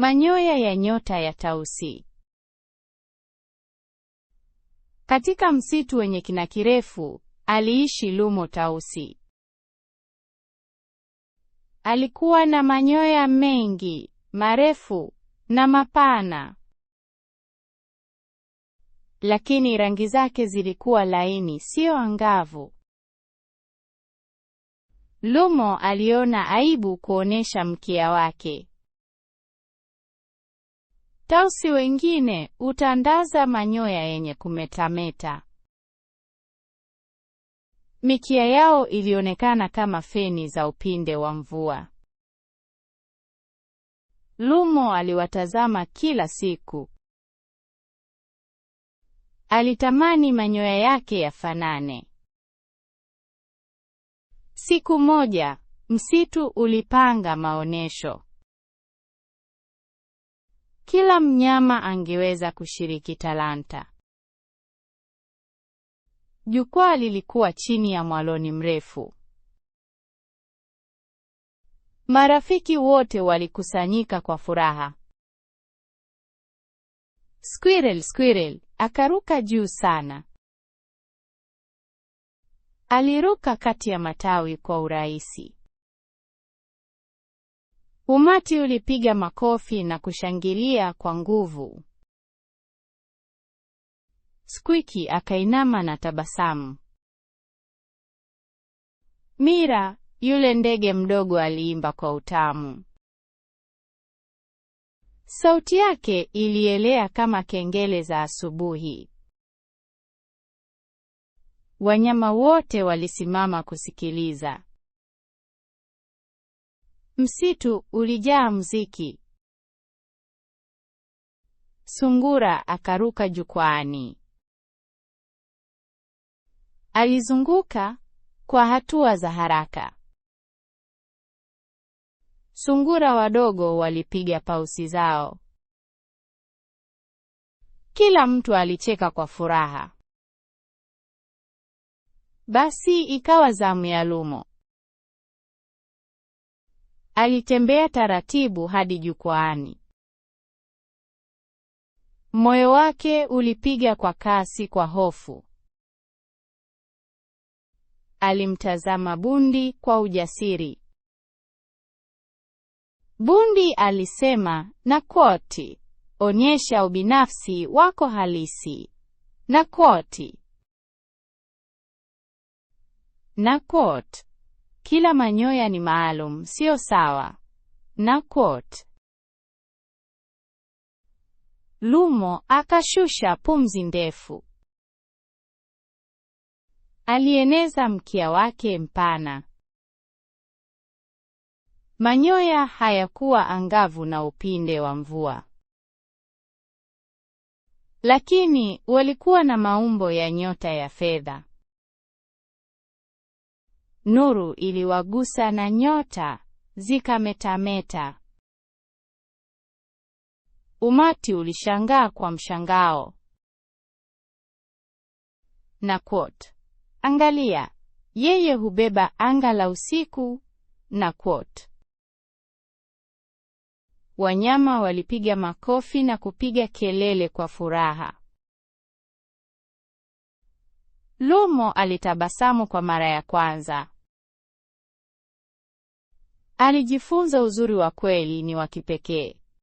Manyoya ya nyota ya tausi. Katika msitu wenye kina kirefu, aliishi Lumo tausi. Alikuwa na manyoya mengi, marefu na mapana. Lakini rangi zake zilikuwa laini, sio angavu. Lumo aliona aibu kuonesha mkia wake. Tausi wengine utandaza manyoya yenye kumetameta. Mikia yao ilionekana kama feni za upinde wa mvua. Lumo aliwatazama kila siku. Alitamani manyoya yake yafanane. Siku moja, msitu ulipanga maonesho. Kila mnyama angeweza kushiriki talanta. Jukwaa lilikuwa chini ya mwaloni mrefu. Marafiki wote walikusanyika kwa furaha. Squirrel, squirrel akaruka juu sana. Aliruka kati ya matawi kwa urahisi. Umati ulipiga makofi na kushangilia kwa nguvu. Squeaky akainama na tabasamu. Mira, yule ndege mdogo aliimba kwa utamu. Sauti yake ilielea kama kengele za asubuhi. Wanyama wote walisimama kusikiliza. Msitu ulijaa mziki. Sungura akaruka jukwani Alizunguka kwa hatua za haraka. Sungura wadogo walipiga pausi zao. Kila mtu alicheka kwa furaha. Basi ikawa zamu ya Lumo. Alitembea taratibu hadi jukwaani. Moyo wake ulipiga kwa kasi kwa hofu. Alimtazama bundi kwa ujasiri. Bundi alisema na koti, onyesha ubinafsi wako halisi na koti na koti kila manyoya ni maalum, sio sawa. Na quote. Lumo akashusha pumzi ndefu. Alieneza mkia wake mpana. Manyoya hayakuwa angavu na upinde wa mvua, lakini walikuwa na maumbo ya nyota ya fedha. Nuru iliwagusa na nyota zikametameta. Umati ulishangaa kwa mshangao na quote, angalia yeye hubeba anga la usiku na quote. Wanyama walipiga makofi na kupiga kelele kwa furaha. Lumo alitabasamu kwa mara ya kwanza. Alijifunza uzuri wa kweli ni wa kipekee.